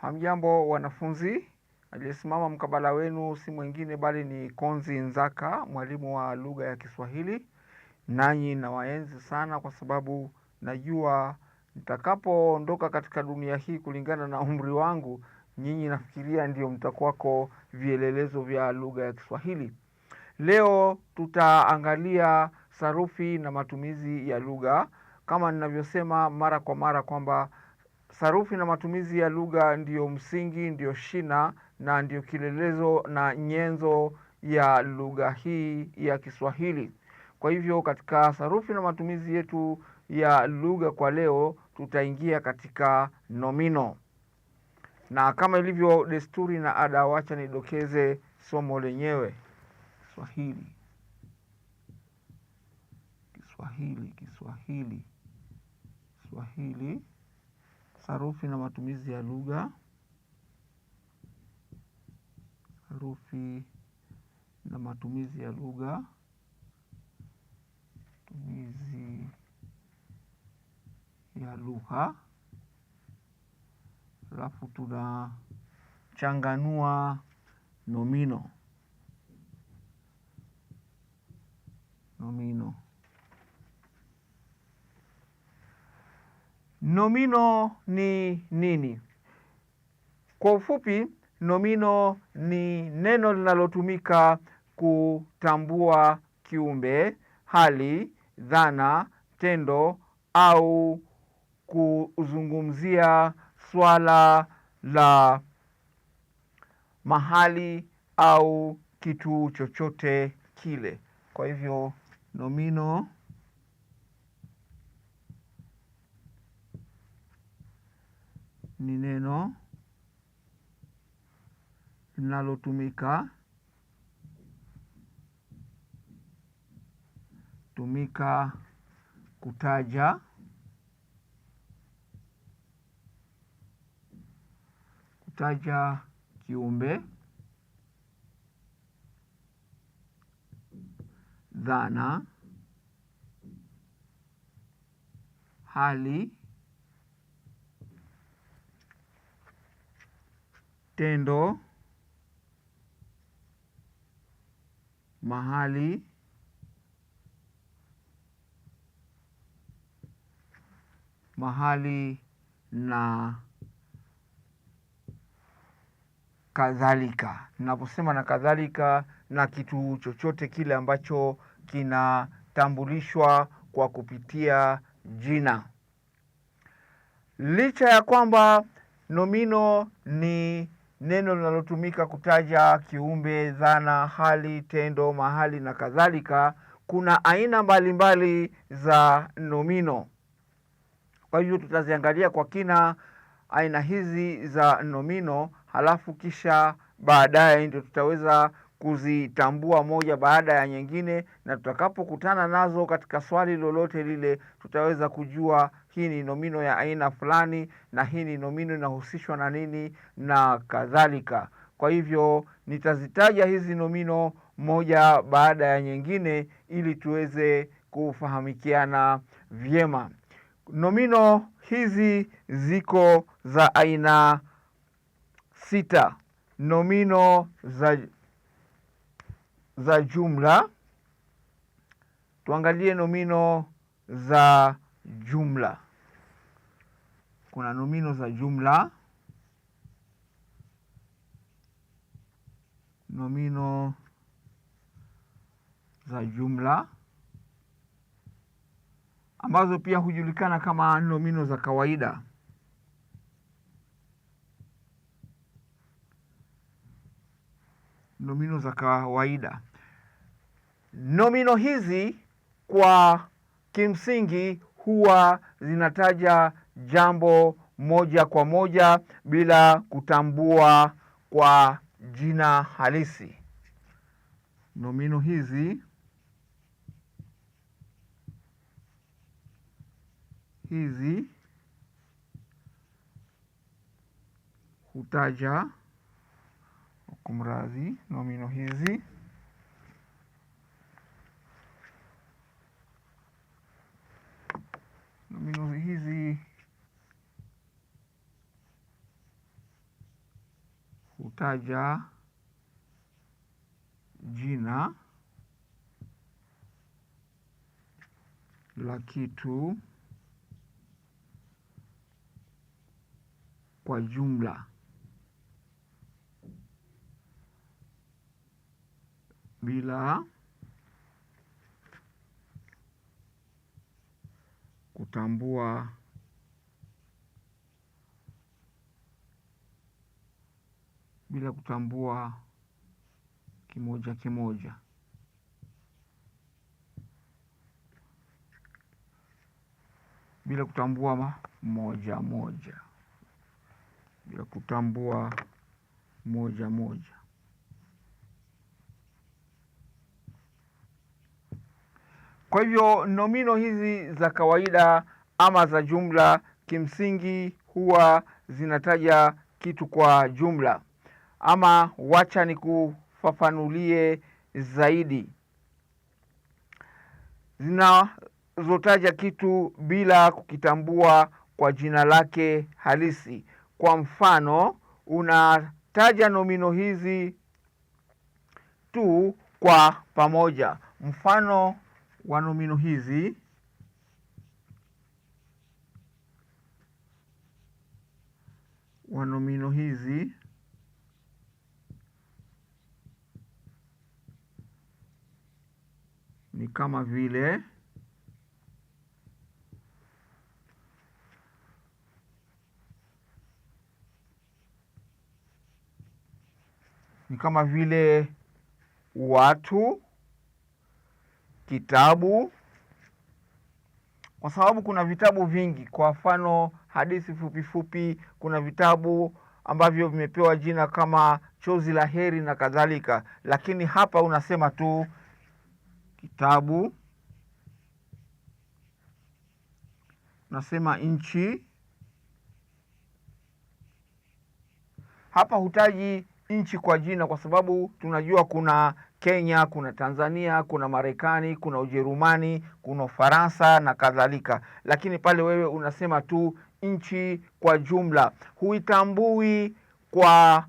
Hamjambo wanafunzi, aliyesimama mkabala wenu si mwingine bali ni Konzi Nzaka, mwalimu wa lugha ya Kiswahili. Nanyi nawaenzi sana kwa sababu najua nitakapoondoka katika dunia hii, kulingana na umri wangu, nyinyi nafikiria ndio mtakuwako vielelezo vya lugha ya Kiswahili. Leo tutaangalia sarufi na matumizi ya lugha kama ninavyosema mara kwa mara kwamba sarufi na matumizi ya lugha ndiyo msingi, ndiyo shina na ndiyo kielelezo na nyenzo ya lugha hii ya Kiswahili. Kwa hivyo katika sarufi na matumizi yetu ya lugha kwa leo, tutaingia katika nomino, na kama ilivyo desturi na ada, wacha nidokeze somo lenyewe kiswahili Kiswahili, Kiswahili. Kiswahili, sarufi na matumizi ya lugha, sarufi na matumizi ya lugha, matumizi ya lugha, alafu tunachanganua nomino. Nomino. Nomino ni nini? Kwa ufupi, nomino ni neno linalotumika kutambua kiumbe, hali, dhana, tendo au kuzungumzia swala la mahali au kitu chochote kile. Kwa hivyo nomino ni neno linalotumika tumika kutaja kutaja kiumbe dhana hali tendo mahali mahali na kadhalika. Naposema na kadhalika, na kitu chochote kile ambacho kinatambulishwa kwa kupitia jina, licha ya kwamba nomino ni neno linalotumika kutaja kiumbe, dhana, hali, tendo, mahali na kadhalika. Kuna aina mbalimbali za nomino, kwa hivyo tutaziangalia kwa kina aina hizi za nomino, halafu kisha baadaye ndio tutaweza kuzitambua moja baada ya nyingine, na tutakapokutana nazo katika swali lolote lile tutaweza kujua hii ni nomino ya aina fulani na hii ni nomino inahusishwa na nini na kadhalika. Kwa hivyo nitazitaja hizi nomino moja baada ya nyingine ili tuweze kufahamikiana vyema. Nomino hizi ziko za aina sita: nomino za, za jumla. Tuangalie nomino za jumla. Kuna nomino za jumla, nomino za jumla ambazo pia hujulikana kama nomino za kawaida. Nomino za kawaida, nomino hizi kwa kimsingi huwa zinataja jambo moja kwa moja bila kutambua kwa jina halisi. Nomino hizi hizi hutaja kumradhi, nomino hizi Dominozi hizi hutaja jina la kitu kwa jumla bila kutambua bila kutambua kimoja kimoja. bila kutambua moja moja, bila kutambua moja moja. Kwa hivyo nomino hizi za kawaida ama za jumla kimsingi huwa zinataja kitu kwa jumla. Ama wacha nikufafanulie zaidi, zinazotaja kitu bila kukitambua kwa jina lake halisi. Kwa mfano, unataja nomino hizi tu kwa pamoja. Mfano wa nomino hizi wa nomino hizi ni kama vile ni kama vile watu kitabu, kwa sababu kuna vitabu vingi. Kwa mfano hadithi fupi fupi, kuna vitabu ambavyo vimepewa jina kama Chozi la Heri na kadhalika, lakini hapa unasema tu kitabu, unasema nchi, hapa hutaji nchi kwa jina, kwa sababu tunajua kuna Kenya, kuna Tanzania, kuna Marekani, kuna Ujerumani, kuna Ufaransa na kadhalika, lakini pale wewe unasema tu nchi kwa jumla, huitambui kwa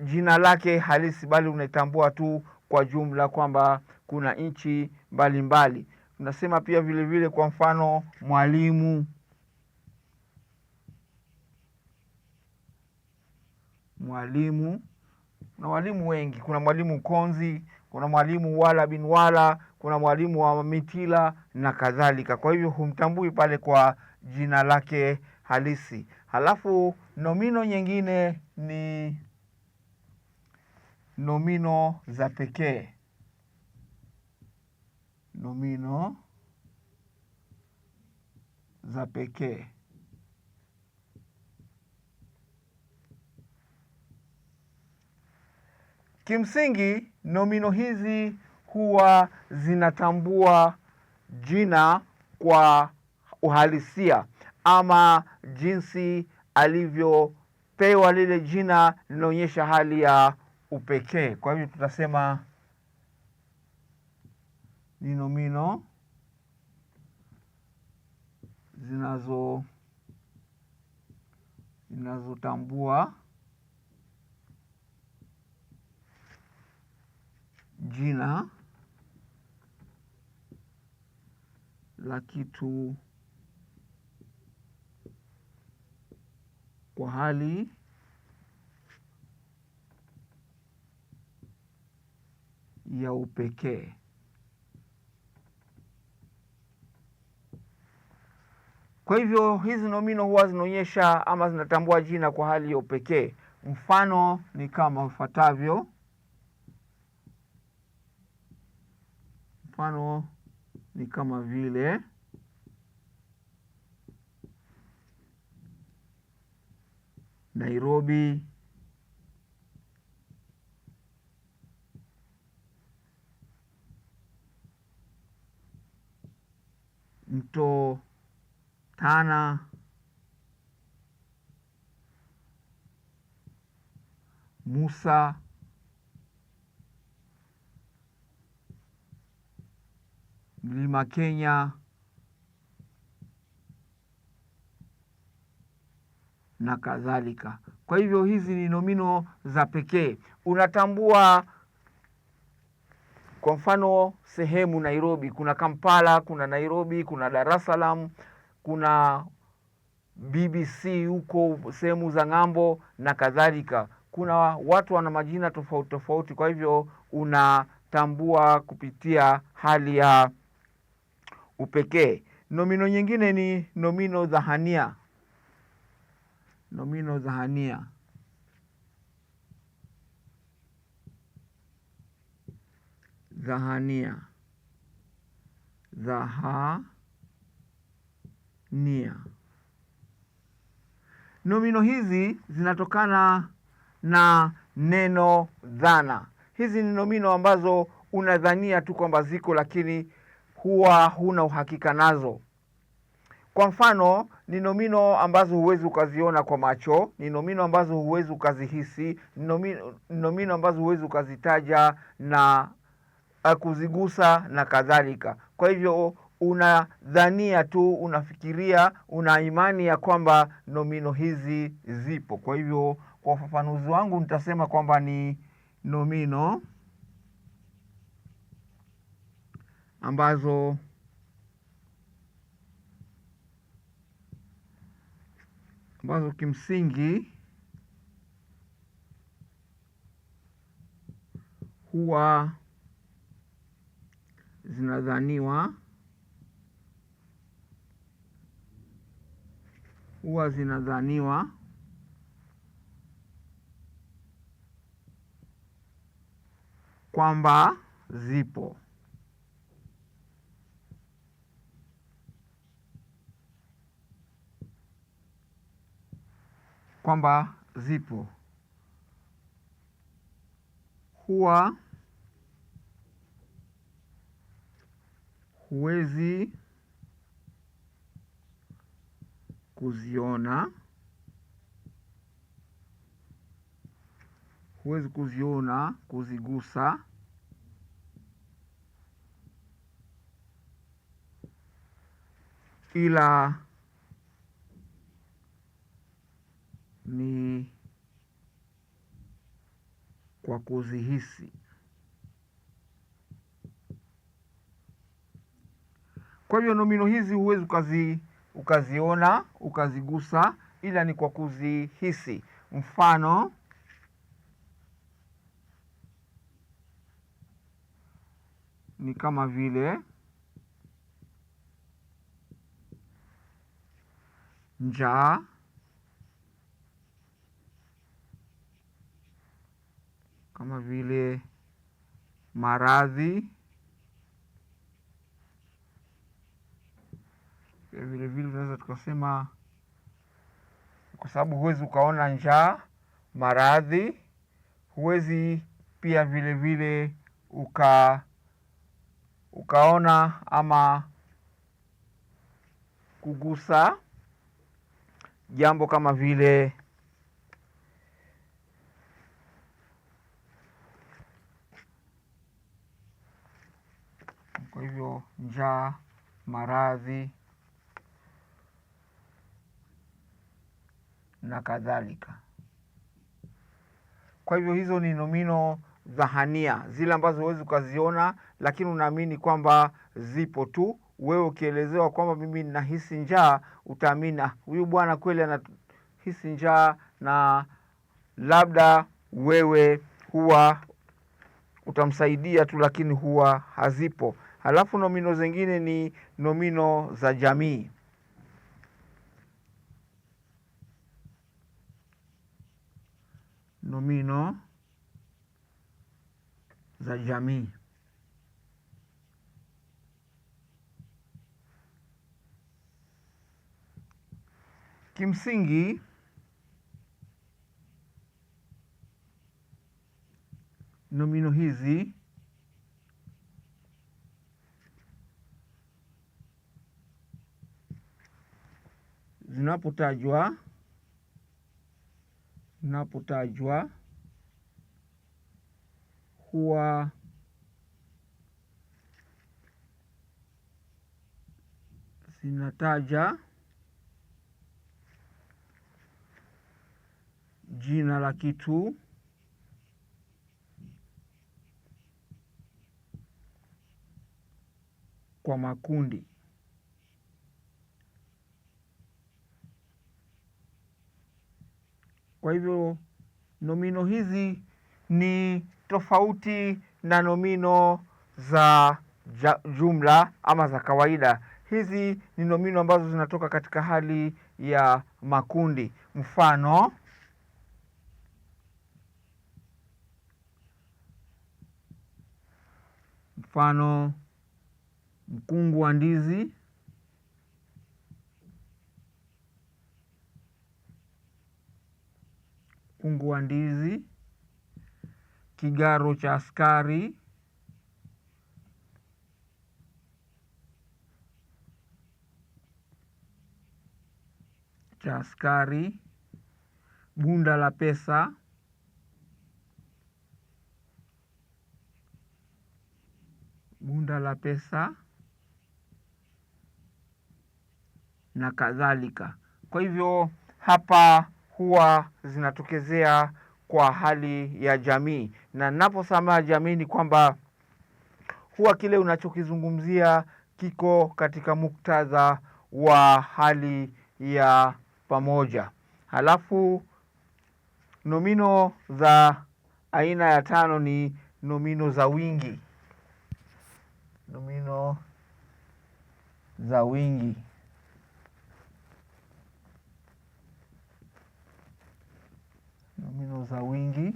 jina lake halisi, bali unaitambua tu kwa jumla kwamba kuna nchi mbalimbali. Unasema pia vilevile, kwa mfano mwalimu mwalimu. Kuna walimu wengi, kuna mwalimu Konzi, kuna mwalimu Wala bin Wala, kuna mwalimu wa Mitila na kadhalika. Kwa hivyo humtambui pale kwa jina lake halisi. Halafu nomino nyingine ni nomino za pekee, nomino za pekee. Kimsingi nomino hizi huwa zinatambua jina kwa uhalisia ama jinsi alivyopewa lile jina linaonyesha hali ya upekee. Kwa hivyo tutasema ni nomino zinazo zinazotambua jina la kitu kwa hali ya upekee. Kwa hivyo hizi nomino huwa zinaonyesha ama zinatambua jina kwa hali ya upekee. Mfano ni kama ifuatavyo: mfano ni kama vile Nairobi, mto Tana, Musa Mlima Kenya na kadhalika. Kwa hivyo hizi ni nomino za pekee. Unatambua kwa mfano sehemu Nairobi, kuna Kampala, kuna Nairobi, kuna Dar es Salaam, kuna BBC huko sehemu za ng'ambo na kadhalika. Kuna watu wana majina tofauti tofauti, kwa hivyo unatambua kupitia hali ya upekee. Nomino nyingine ni nomino dhahania, nomino dhahania. Dhahania, dhahania. Nomino hizi zinatokana na neno dhana. Hizi ni nomino ambazo unadhania tu kwamba ziko, lakini huwa huna uhakika nazo. Kwa mfano, ni nomino ambazo huwezi ukaziona kwa macho, ni nomino ambazo huwezi ukazihisi, ni nomino ambazo huwezi ukazitaja na eh, kuzigusa na kadhalika. Kwa hivyo unadhania tu, unafikiria, una imani ya kwamba nomino hizi zipo. Kwa hivyo, kwa ufafanuzi wangu nitasema kwamba ni nomino ambazo ambazo kimsingi huwa zinadhaniwa huwa zinadhaniwa kwamba zipo. kwamba zipo huwa huwezi kuziona, huwezi kuziona, kuzigusa, ila ni kwa kuzihisi. Kwa hivyo nomino hizi huwezi ukazi, ukaziona ukazigusa, ila ni kwa kuzihisi. Mfano, ni kama vile njaa kama vile maradhi. Vile vile tunaweza tukasema, kwa sababu huwezi ukaona njaa, maradhi. Huwezi pia vile vile uka ukaona ama kugusa jambo kama vile Kwa hivyo njaa, maradhi na kadhalika. Kwa hivyo hizo ni nomino dhahania, zile ambazo huwezi ukaziona, lakini unaamini kwamba zipo tu. Wewe ukielezewa kwamba mimi ninahisi njaa, utaamini ah, huyu bwana kweli anahisi njaa, na labda wewe huwa utamsaidia tu, lakini huwa hazipo. Halafu nomino zingine ni nomino za jamii. Nomino za jamii. Kimsingi nomino hizi zinapotajwa zinapotajwa huwa zinataja jina la kitu kwa makundi. Kwa hivyo nomino hizi ni tofauti na nomino za jumla ama za kawaida. Hizi ni nomino ambazo zinatoka katika hali ya makundi. Mfano, mfano mkungu wa ndizi mkungu wa ndizi, kigaro cha askari, cha askari, bunda la pesa, bunda la pesa na kadhalika. Kwa hivyo hapa huwa zinatokezea kwa hali ya jamii, na naposema jamii ni kwamba huwa kile unachokizungumzia kiko katika muktadha wa hali ya pamoja. Halafu nomino za aina ya tano ni nomino za wingi, nomino za wingi. nomino za wingi.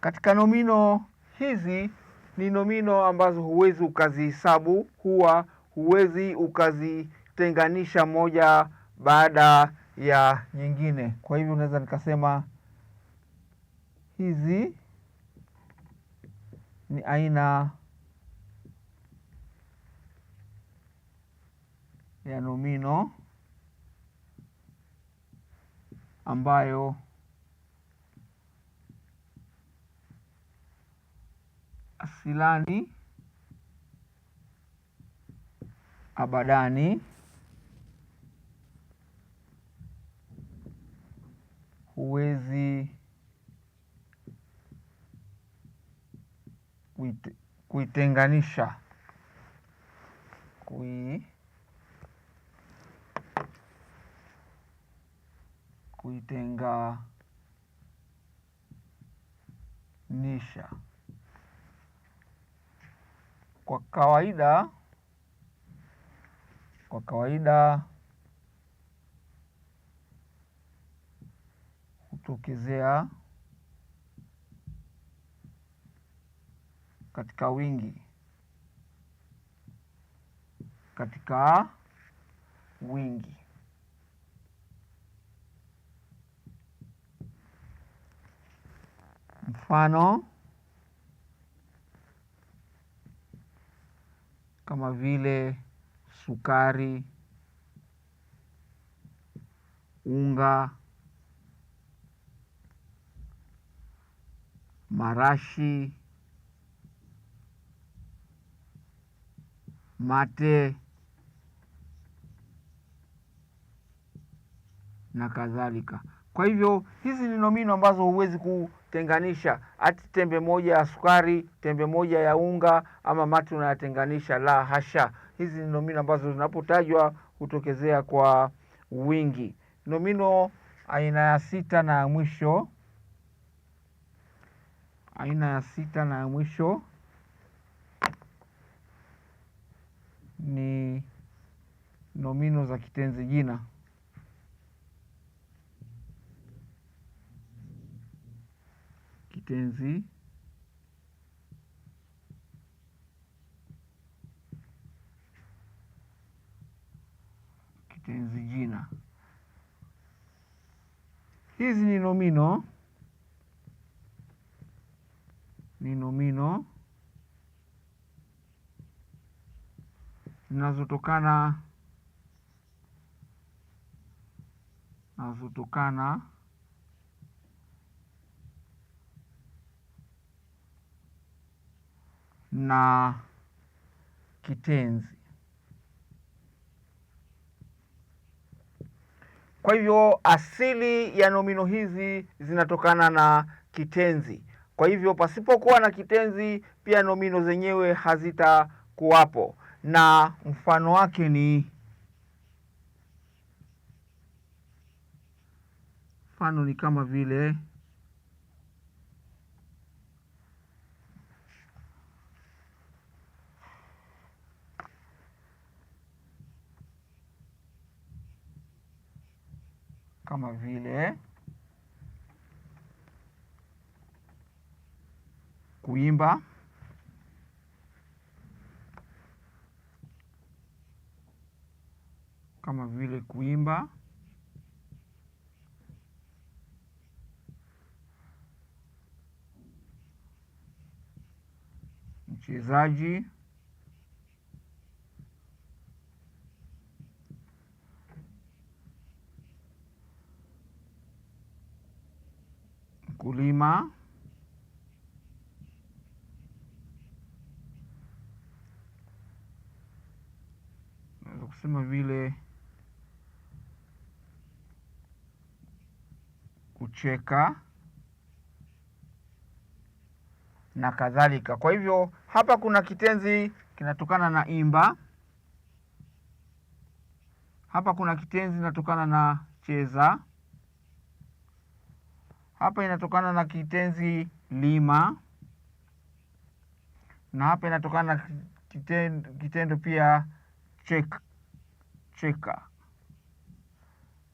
Katika nomino hizi ni nomino ambazo huwezi ukazihesabu, huwa huwezi ukazitenganisha moja baada ya nyingine. Kwa hivyo unaweza nikasema hizi ni aina ya nomino ambayo asilani abadani huwezi kuitenganisha kui kuitenganisha. Kwa kawaida kwa kawaida hutokezea katika wingi katika wingi. Mfano kama vile sukari, unga, marashi, mate na kadhalika. Kwa hivyo hizi ni nomino ambazo huwezi kutenganisha, ati tembe moja ya sukari, tembe moja ya unga ama mate unayatenganisha, la hasha. Hizi ni nomino ambazo zinapotajwa hutokezea kwa wingi. Nomino aina ya sita na ya mwisho, aina ya sita na ya mwisho ni nomino za kitenzi jina. kitenzi kitenzi jina. Hizi ni nomino, ni nomino zinazotokana nazotokana na kitenzi. Kwa hivyo asili ya nomino hizi zinatokana na kitenzi. Kwa hivyo pasipokuwa na kitenzi, pia nomino zenyewe hazitakuwapo, na mfano wake ni mfano ni kama vile Cuiabá. Kama vile kuimba. Colima. Mkulima. kama vile kucheka na kadhalika. Kwa hivyo hapa kuna kitenzi kinatokana na imba, hapa kuna kitenzi kinatokana na cheza, hapa inatokana na kitenzi lima, na hapa inatokana na kitendo, kitendo pia cheka chika.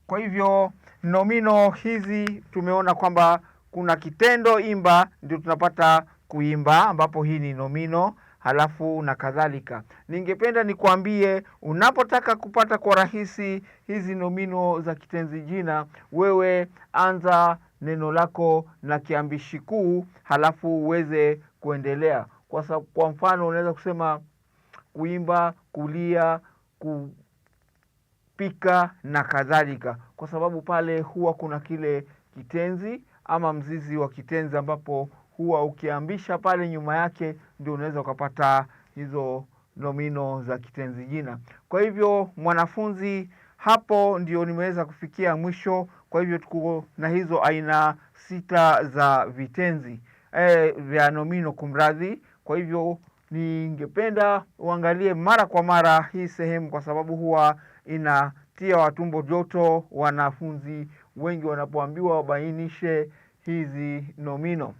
Kwa hivyo nomino hizi tumeona kwamba kuna kitendo imba, ndio tunapata kuimba, ambapo hii ni nomino halafu na kadhalika. Ningependa nikwambie, unapotaka kupata kwa rahisi hizi nomino za kitenzi jina, wewe anza neno lako na kiambishi kuu, halafu uweze kuendelea. Kwa, kwa mfano unaweza kusema kuimba, kulia, spika na kadhalika, kwa sababu pale huwa kuna kile kitenzi ama mzizi wa kitenzi ambapo huwa ukiambisha pale nyuma yake ndio unaweza ukapata hizo nomino za kitenzi jina. Kwa hivyo mwanafunzi, hapo ndio nimeweza kufikia mwisho. Kwa hivyo tuko na hizo aina sita za vitenzi e, vya nomino kumradhi. Kwa hivyo ningependa uangalie mara kwa mara hii sehemu kwa sababu huwa inatia watumbo joto wanafunzi wengi wanapoambiwa wabainishe hizi nomino.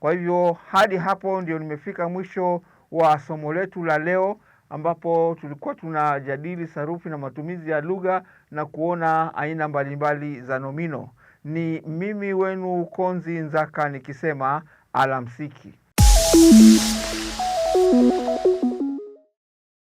Kwa hivyo hadi hapo ndio nimefika mwisho wa somo letu la leo, ambapo tulikuwa tunajadili sarufi na matumizi ya lugha na kuona aina mbalimbali za nomino. Ni mimi wenu Konzi Nzaka nikisema alamsiki.